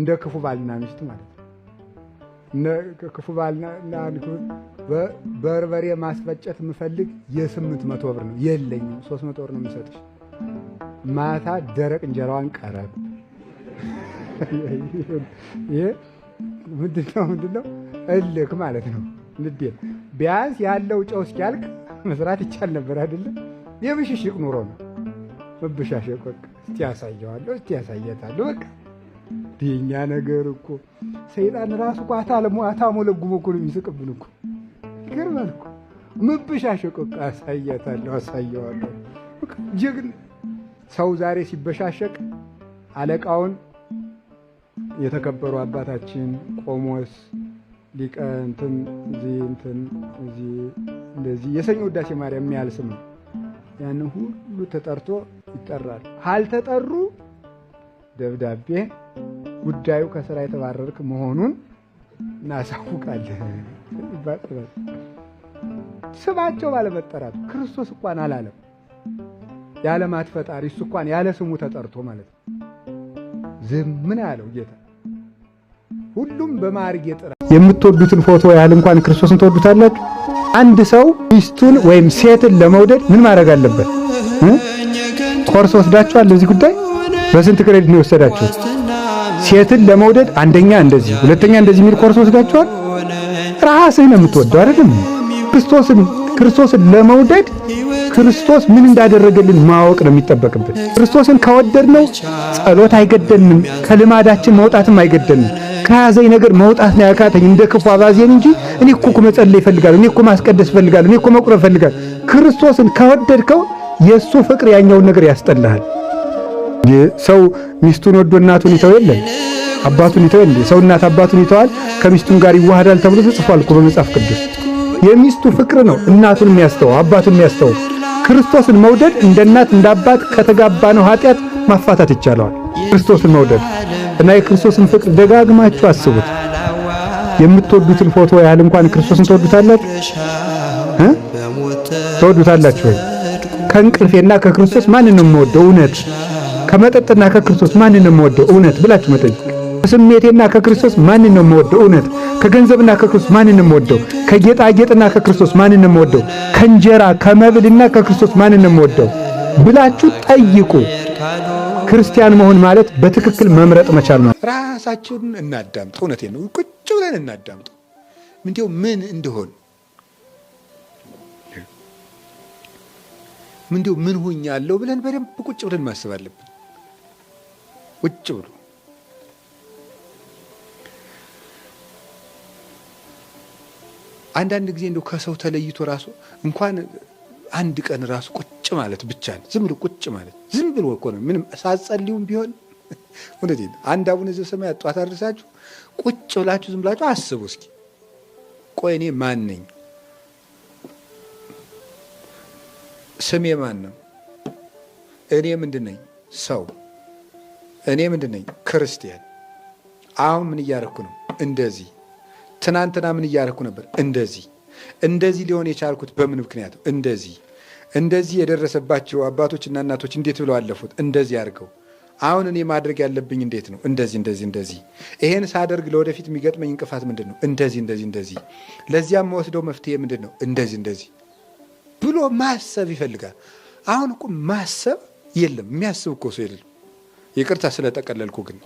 እንደ ክፉ ባልና ሚስት ማለት ነው። ክፉ ባልና በርበሬ ማስፈጨት የምፈልግ የስምንት መቶ ብር ነው የለኝም፣ ሶስት መቶ ብር ነው የምሰጥሽ። ማታ ደረቅ እንጀራዋን ቀረብ። ይሄ ምንድነው? ምንድነው? እልክ ማለት ነው። ንዴ ቢያንስ ያለው ጨው እስኪያልቅ መስራት ይቻል ነበር አይደለም። የብሽሽቅ ኑሮ ነው መብሻሸቅ። በቃ እስቲ ያሳየዋለሁ፣ እስቲ ያሳየታለሁ በቃ የእኛ ነገር እኮ ሰይጣን ራሱ እኮ አታለሙ አታሞለጉም እኮ ነው የሚስቅብን እኮ ይገርማል እኮ ምብሻሸቅ አሳያታለሁ አሳየዋለሁ ጀግን ሰው ዛሬ ሲበሻሸቅ አለቃውን የተከበሩ አባታችን ቆሞስ ሊቀ እንትን እዚህ እንትን እዚህ እንደዚህ የሰኞ ውዳሴ ማርያም የሚያል ስም ነው። ያንን ሁሉ ተጠርቶ ይጠራል። ካልተጠሩ ደብዳቤ ጉዳዩ ከስራ የተባረርክ መሆኑን እናሳውቃለን ስማቸው ባለመጠራቱ ክርስቶስ እንኳን አላለም። የዓለማት ፈጣሪ እሱ እንኳን ያለ ስሙ ተጠርቶ ማለት ነው። ዝም ምን ያለው ጌታ ሁሉም በማዕርግ የጥራ የምትወዱትን ፎቶ ያህል እንኳን ክርስቶስን ትወዱታላችሁ። አንድ ሰው ሚስቱን ወይም ሴትን ለመውደድ ምን ማድረግ አለበት? ኮርስ ወስዳችኋል? ለዚህ ጉዳይ በስንት ክሬዲት ነው የወሰዳችሁት? ሴትን ለመውደድ አንደኛ እንደዚህ፣ ሁለተኛ እንደዚህ የሚል ኮርስ ወስዳችኋል። ራስህን የምትወደው አይደለም። ክርስቶስን ክርስቶስን ለመውደድ ክርስቶስ ምን እንዳደረገልን ማወቅ ነው የሚጠበቅብን። ክርስቶስን ከወደድነው ጸሎት አይገደልንም፣ ከልማዳችን መውጣትም አይገደልንም። ከያዘኝ ነገር መውጣት ነው ያካተኝ እንደ ክፉ አባዜን እንጂ እኔ እኮ መጸለይ እፈልጋለሁ፣ እኔ እኮ ማስቀደስ እፈልጋለሁ፣ እኔ እኮ መቁረብ እፈልጋለሁ። ክርስቶስን ከወደድከው የእሱ ፍቅር ያኛውን ነገር ያስጠልሃል። ሰው ሚስቱን ወዶ እናቱን ይተው የለ አባቱን ይተው የለ ሰው እናት አባቱን ይተዋል ከሚስቱን ጋር ይዋሃዳል ተብሎ ተጽፏል እኮ በመጽሐፍ ቅዱስ። የሚስቱ ፍቅር ነው እናቱን የሚያስተው አባቱን የሚያስተው። ክርስቶስን መውደድ እንደ እናት እንደ አባት ከተጋባ ነው ኃጢአት ማፋታት ይቻለዋል። ክርስቶስን መውደድ እና የክርስቶስን ፍቅር ደጋግማችሁ አስቡት። የምትወዱትን ፎቶ ያህል እንኳን ክርስቶስን ትወዱታላችሁ እ ትወዱታላችሁ ወይ? ከእንቅልፌና ከክርስቶስ ማንን ነው የምወደው እውነት ከመጠጥና ከክርስቶስ ማንን ነው የምወደው እውነት ብላችሁ መጠይቅ። ከስሜቴና ከክርስቶስ ማንን ነው የምወደው እውነት? ከገንዘብና ከክርስቶስ ማንን ነው የምወደው? ከጌጣጌጥና ከክርስቶስ ማንን ነው የምወደው? ከእንጀራ ከመብልና ከክርስቶስ ማንን ነው የምወደው ብላችሁ ጠይቁ። ክርስቲያን መሆን ማለት በትክክል መምረጥ መቻል ማለት ራሳችሁን እናዳምጡ። እውነቴን ነው። ቁጭ ብለን እናዳምጡ። ምንድው ምን እንደሆን ምንድው ምን ሁኛለሁ ብለን በደንብ ቁጭ ብለን ማሰብ አለብን። ውጭ ብሎ አንዳንድ ጊዜ እንደው ከሰው ተለይቶ ራሱ እንኳን አንድ ቀን ራሱ ቁጭ ማለት ብቻ ዝም ብሎ ቁጭ ማለት ዝም ብሎ እኮ ነው። ምንም ሳጸልዩም ቢሆን እውነት አንድ አቡነ ዘበሰማያት አጧት አድርሳችሁ ቁጭ ብላችሁ ዝም ብላችሁ አስቡ እስኪ። ቆይ እኔ ማን ነኝ? ስሜ ማን ነው? እኔ ምንድን ነኝ? ሰው እኔ ምንድን ነኝ? ክርስቲያን። አሁን ምን እያደረኩ ነው? እንደዚህ። ትናንትና ምን እያደረኩ ነበር? እንደዚህ። እንደዚህ ሊሆን የቻልኩት በምን ምክንያት? እንደዚህ። እንደዚህ የደረሰባቸው አባቶችና እናቶች እንዴት ብለው አለፉት? እንደዚህ አድርገው። አሁን እኔ ማድረግ ያለብኝ እንዴት ነው? እንደዚህ እንደዚህ እንደዚህ። ይሄን ሳደርግ ለወደፊት የሚገጥመኝ እንቅፋት ምንድን ነው? እንደዚህ እንደዚህ እንደዚህ። ለዚያም መወስደው መፍትሄ ምንድን ነው? እንደዚህ እንደዚህ ብሎ ማሰብ ይፈልጋል። አሁን እኮ ማሰብ የለም። የሚያስብ እኮ ሰው የለም። ይቅርታ ስለጠቀለልኩ ግን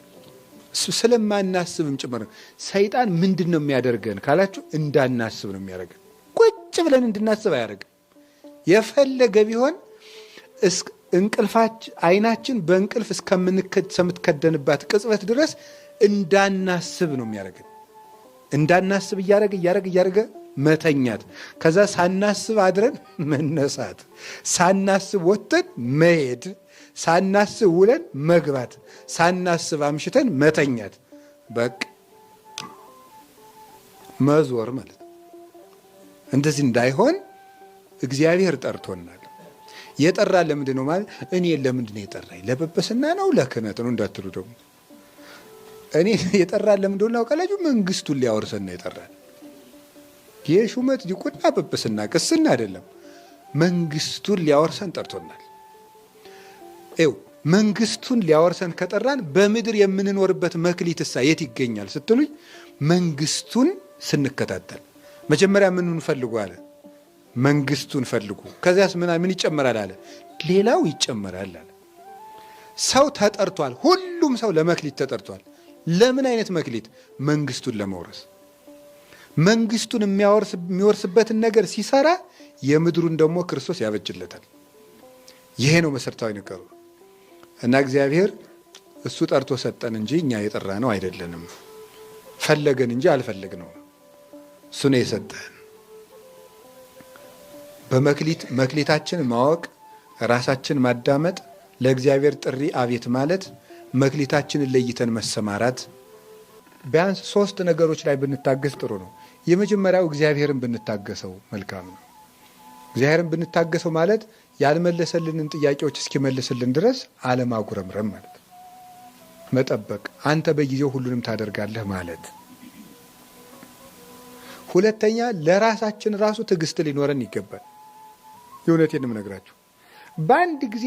እሱ ስለማናስብም ጭምር ሰይጣን ምንድን ነው የሚያደርገን ካላችሁ እንዳናስብ ነው የሚያደርገን። ቁጭ ብለን እንድናስብ አያደርግም። የፈለገ ቢሆን እንቅልፋች አይናችን በእንቅልፍ እስከምትከደንባት ቅጽበት ድረስ እንዳናስብ ነው የሚያደርገን። እንዳናስብ እያደረገ እያደረገ እያደረገ መተኛት፣ ከዛ ሳናስብ አድረን መነሳት፣ ሳናስብ ወጥተን መሄድ፣ ሳናስብ ውለን መግባት፣ ሳናስብ አምሽተን መተኛት። በቃ መዞር ማለት እንደዚህ እንዳይሆን እግዚአብሔር ጠርቶናል። የጠራ ለምንድን ነው ማለት እኔ ለምንድን ነው የጠራኝ? ለበበስና ነው ለክህነት ነው እንዳትሉ ደግሞ እኔ የጠራ ለምንድን ነው መንግስቱን ሊያወርሰን ነው የጠራን። የሹመት ዲቁና ጵጵስና ቅስና አይደለም። መንግስቱን ሊያወርሰን ጠርቶናል። ው መንግስቱን ሊያወርሰን ከጠራን በምድር የምንኖርበት መክሊትሳ የት ይገኛል ስትሉኝ፣ መንግስቱን ስንከታተል መጀመሪያ ምኑን ፈልጉ አለ። መንግስቱን ፈልጉ። ከዚያስ ምን ይጨመራል አለ። ሌላው ይጨመራል አለ። ሰው ተጠርቷል። ሁሉም ሰው ለመክሊት ተጠርቷል። ለምን አይነት መክሊት? መንግስቱን ለመውረስ መንግስቱን የሚወርስበትን ነገር ሲሰራ የምድሩን ደግሞ ክርስቶስ ያበጅለታል። ይሄ ነው መሰረታዊ ነገሩ እና እግዚአብሔር እሱ ጠርቶ ሰጠን እንጂ እኛ የጠራ ነው አይደለንም። ፈለገን እንጂ አልፈለግ ነው እሱ ነው የሰጠን። በመክሊት መክሊታችን ማወቅ ራሳችን ማዳመጥ ለእግዚአብሔር ጥሪ አቤት ማለት መክሊታችንን ለይተን መሰማራት ቢያንስ ሶስት ነገሮች ላይ ብንታገስ ጥሩ ነው። የመጀመሪያው እግዚአብሔርን ብንታገሰው መልካም ነው። እግዚአብሔርን ብንታገሰው ማለት ያልመለሰልንን ጥያቄዎች እስኪመልስልን ድረስ አለማጉረምረም ማለት መጠበቅ፣ አንተ በጊዜው ሁሉንም ታደርጋለህ ማለት። ሁለተኛ ለራሳችን ራሱ ትዕግስት ሊኖረን ይገባል። የእውነቴን የምነግራችሁ በአንድ ጊዜ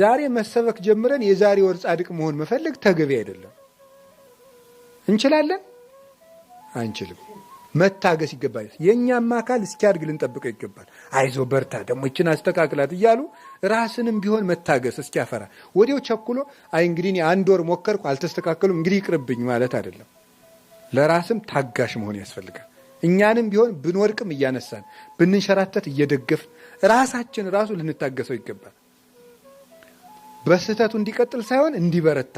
ዛሬ መሰበክ ጀምረን የዛሬ ወር ጻድቅ መሆን መፈለግ ተገቢ አይደለም። እንችላለን አንችልም። መታገስ ይገባል። የእኛም አካል እስኪያድግ ልንጠብቀው ይገባል። አይዞ በርታ፣ ደግሞ ይችን አስተካክላት እያሉ ራስንም ቢሆን መታገስ እስኪያፈራ ወዲያው ቸኩሎ አይ እንግዲህ አንድ ወር ሞከርኩ አልተስተካከሉም እንግዲህ ይቅርብኝ ማለት አይደለም። ለራስም ታጋሽ መሆን ያስፈልጋል። እኛንም ቢሆን ብንወድቅም እያነሳን ብንንሸራተት እየደገፍን ራሳችን ራሱ ልንታገሰው ይገባል። በስህተቱ እንዲቀጥል ሳይሆን እንዲበረታ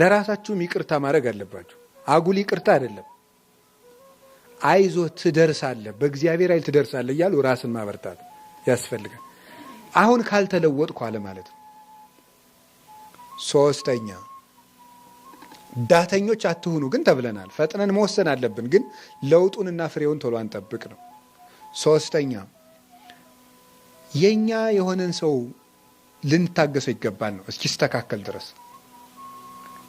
ለራሳችሁም ይቅርታ ማድረግ አለባችሁ። አጉል ይቅርታ አይደለም። አይዞ ትደርሳለ በእግዚአብሔር ኃይል ትደርሳለ እያሉ ራስን ማበርታት ያስፈልጋል። አሁን ካልተለወጥኩ አለ ማለት ነው። ሶስተኛ ዳተኞች አትሁኑ ግን ተብለናል። ፈጥነን መወሰን አለብን ግን ለውጡንና ፍሬውን ቶሎ አንጠብቅ ነው። ሶስተኛ የእኛ የሆነን ሰው ልንታገሰው ይገባል ነው እስኪስተካከል ድረስ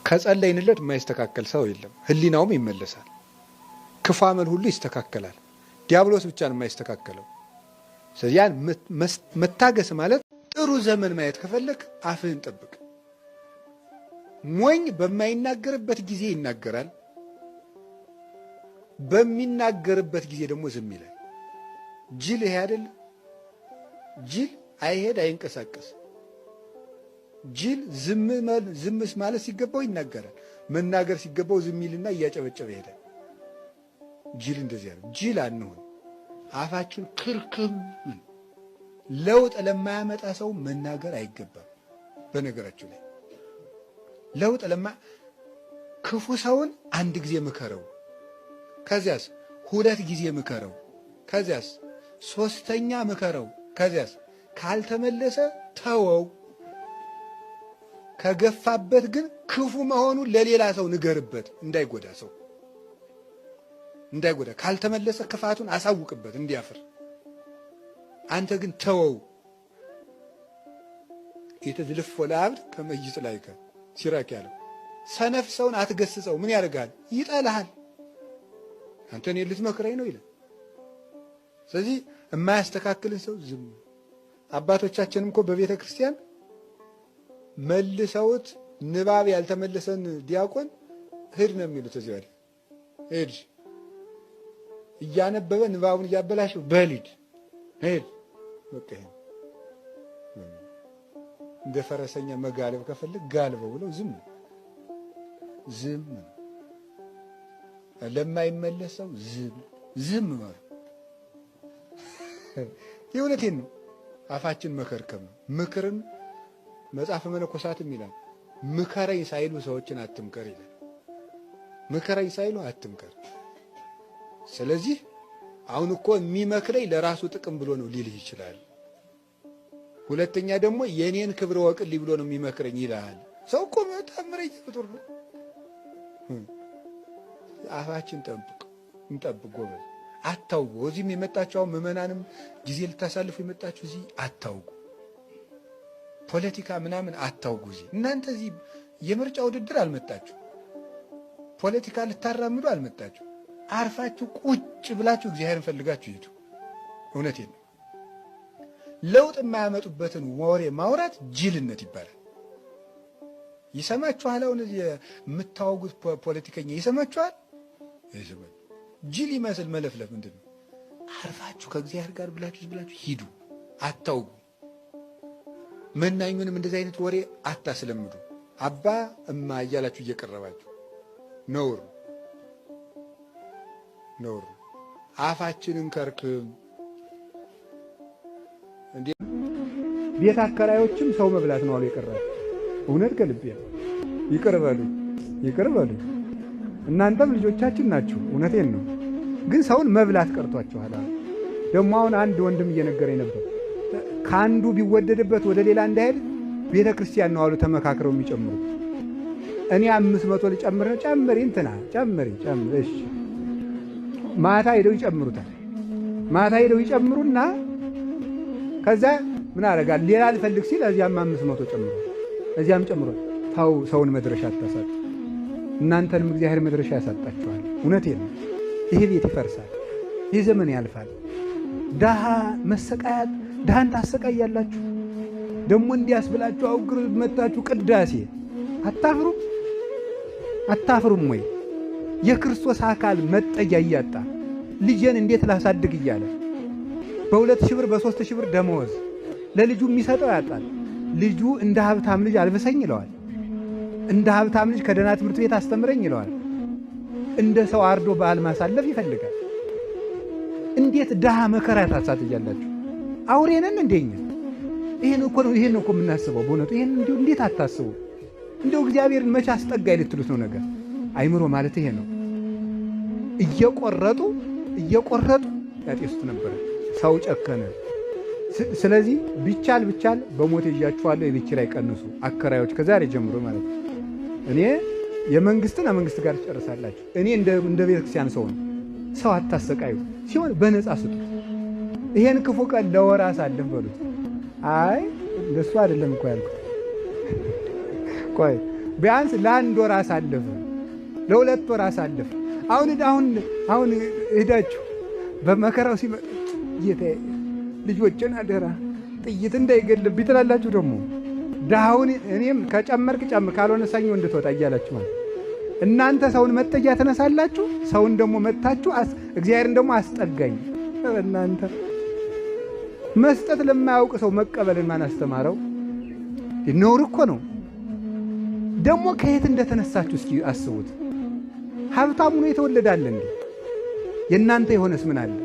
ከጸለይንለት የማይስተካከል ሰው የለም። ህሊናውም ይመለሳል። ክፉ አመል ሁሉ ይስተካከላል። ዲያብሎስ ብቻ ነው የማይስተካከለው። ስለዚህ ያን መታገስ ማለት ጥሩ ዘመን ማየት ከፈለክ አፍህን ጠብቅ። ሞኝ በማይናገርበት ጊዜ ይናገራል፣ በሚናገርበት ጊዜ ደግሞ ዝም ይላል። ጅል ይሄ አይደል? ጅል አይሄድ አይንቀሳቀስ። ጅል ዝም ማለት ሲገባው ይናገራል፣ መናገር ሲገባው ዝም ይልና እያጨበጨበ ይሄዳል። ጅል እንደዚህ ያለ ጅል አንሆን። አፋችን ክርክም ለውጥ ለማያመጣ ሰው መናገር አይገባም። በነገራችሁ ላይ ለውጥ ለማ ክፉ ሰውን አንድ ጊዜ ምከረው፣ ከዚያስ ሁለት ጊዜ ምከረው፣ ከዚያስ ሶስተኛ ምከረው፣ ከዚያስ ካልተመለሰ ተወው። ከገፋበት ግን ክፉ መሆኑ ለሌላ ሰው ንገርበት እንዳይጎዳ ሰው እንዳይጎዳ ካልተመለሰ ክፋቱን አሳውቅበት እንዲያፍር። አንተ ግን ተወው። የተዝልፎ ለአብድ ከመይጥ ላይከ ሲራክ ያለው ሰነፍ ሰውን አትገስጸው። ምን ያደርግሃል? ይጠላሃል። አንተ እኔን ልትመክረኝ ነው ይላል። ስለዚህ የማያስተካክልን ሰው ዝም። አባቶቻችንም እኮ በቤተ ክርስቲያን መልሰውት ንባብ ያልተመለሰን ዲያቆን ሂድ ነው የሚሉት። እዚህ ሄድ እያነበበ ንባቡን እያበላሸው በሊድ ሄድ በቃ እንደ ፈረሰኛ መጋለብ ከፈለግ ጋልበው ብለው ዝም ዝም ለማይመለሰው ዝም ዝም ማለት የእውነቴን ነው። አፋችን መከርከም ነው። ምክርን መጽሐፈ መነኮሳትም ይላል ምከረኝ ሳይሉ ሰዎችን አትምከር ይላል። ምከረኝ ሳይሉ አትምከር። ስለዚህ አሁን እኮ የሚመክረኝ ለራሱ ጥቅም ብሎ ነው ሊልህ ይችላል። ሁለተኛ ደግሞ የእኔን ክብር ወቅልኝ ብሎ ነው የሚመክረኝ ይልሃል። ሰው እኮ ተአምረኛ ፍጡር ነው። አፋችን ጠብቅ እንጠብቅ ጎበዝ። አታውጉ። እዚህም የመጣችሁ ምዕመናንም ጊዜ ልታሳልፉ የመጣችሁ እዚህ አታውጉ። ፖለቲካ ምናምን አታውጉ። እዚህ እናንተ እዚህ የምርጫ ውድድር አልመጣችሁ፣ ፖለቲካ ልታራምዱ አልመጣችሁ። አርፋችሁ ቁጭ ብላችሁ እግዚአብሔርን ፈልጋችሁ ሂዱ። እውነቴን ነው። ለውጥ የማያመጡበትን ወሬ ማውራት ጅልነት ይባላል። ይሰማችኋል? አሁን የምታወጉት ፖለቲከኛ ይሰማችኋል? ጅል ይመስል መለፍለፍ ምንድን ነው? አርፋችሁ ከእግዚአብሔር ጋር ብላችሁ ብላችሁ ሂዱ። አታውጉ። መናኙንም እንደዚህ አይነት ወሬ አታስለምዱ። አባ እማ እያላችሁ እየቀረባችሁ ነውር ነውር። አፋችንን ከርክም እንዴ! ቤት አከራዮችም ሰው መብላት ነው አሉ የቀረ እውነት ከልቤ ይቅር በሉ እናንተም ልጆቻችን ናችሁ። እውነቴን ነው፣ ግን ሰውን መብላት ቀርቷችኋል። ደግሞ አሁን አንድ ወንድም እየነገረኝ ነበር ከአንዱ ቢወደድበት ወደ ሌላ እንዳይሄድ ቤተ ክርስቲያን ነው አሉ ተመካክረው የሚጨምሩት። እኔ አምስት መቶ ልጨምር ነው ጨምሪ እንትና ጨምሪ ጨምሪ፣ እሺ ማታ ሄደው ይጨምሩታል። ማታ ሄደው ይጨምሩና ከዛ ምን አደርጋል ሌላ ልፈልግ ሲል እዚያም አምስት መቶ ጨምሮ እዚያም ጨምሮ ታው ሰውን መድረሻ አታሳጡ። እናንተንም እግዚአብሔር መድረሻ ያሳጣችኋል። እውነት ነው። ይሄ ቤት ይፈርሳል። ይህ ዘመን ያልፋል። ድሃ መሰቃያት ድሃን ታሰቃያላችሁ። ደግሞ እንዲያስ ብላችሁ አውግር መታችሁ ቅዳሴ አታፍሩም? አታፍሩም ወይ? የክርስቶስ አካል መጠጊያ እያጣ ልጄን እንዴት ላሳድግ እያለ በሁለት ሺህ ብር በሦስት ሺህ ብር ደመወዝ ለልጁ የሚሰጠው ያጣል። ልጁ እንደ ሀብታም ልጅ አልብሰኝ ይለዋል። እንደ ሀብታም ልጅ ከደህና ትምህርት ቤት አስተምረኝ ይለዋል። እንደ ሰው አርዶ በዓል ማሳለፍ ይፈልጋል። እንዴት ድሃ መከራ ታሳጥያላችሁ? አውሬንን እንደኛ ይህን እኮ ነው ይህን እኮ የምናስበው በእውነቱ ይህን እንዲሁ እንዴት አታስቡ? እንደው እግዚአብሔርን መቼ አስጠጋ ልትሉት ነው ነገር አይምሮ ማለት ይሄ ነው። እየቆረጡ እየቆረጡ ያጤሱት ነበረ። ሰው ጨከነ። ስለዚህ ቢቻል ብቻል በሞት ይዣችኋለሁ የቤት ኪራይ ቀንሱ፣ አከራዮች ከዛሬ ጀምሮ ማለት ነው። እኔ የመንግስትን መንግስት ጋር ትጨርሳላችሁ። እኔ እንደ ቤተክርስቲያን ሰው ነው። ሰው አታሰቃዩ፣ ሲሆን በነፃ ስጡ። ይሄን ክፉ ቀን ለወር አሳልፍ በሉት። አይ እንደሱ አይደለም እኮ ያልኩት። ቆይ ቢያንስ ለአንድ ወር አሳልፍ፣ ለሁለት ወር አሳልፍ አሁን አሁን አሁን ሄዳችሁ በመከራው ሲመ ጌታ ልጆችን አደራ ጥይት እንዳይገድልብኝ ትላላችሁ። ደግሞ ድሃውን እኔም ከጨመርክ ጨምር ካልሆነ ሰኞ እንድትወጣ እያላችኋል። እናንተ ሰውን መጠጊያ ትነሳላችሁ፣ ሰውን ደግሞ መታችሁ፣ እግዚአብሔርን ደግሞ አስጠጋኝ። እናንተ መስጠት ለማያውቅ ሰው መቀበልን ማን አስተማረው? ነውር እኮ ነው። ደግሞ ከየት እንደተነሳችሁ እስኪ አስቡት። ሀብታም ሆኖ የተወለዳለ እንዴ? የእናንተ የሆነስ ምን አለ?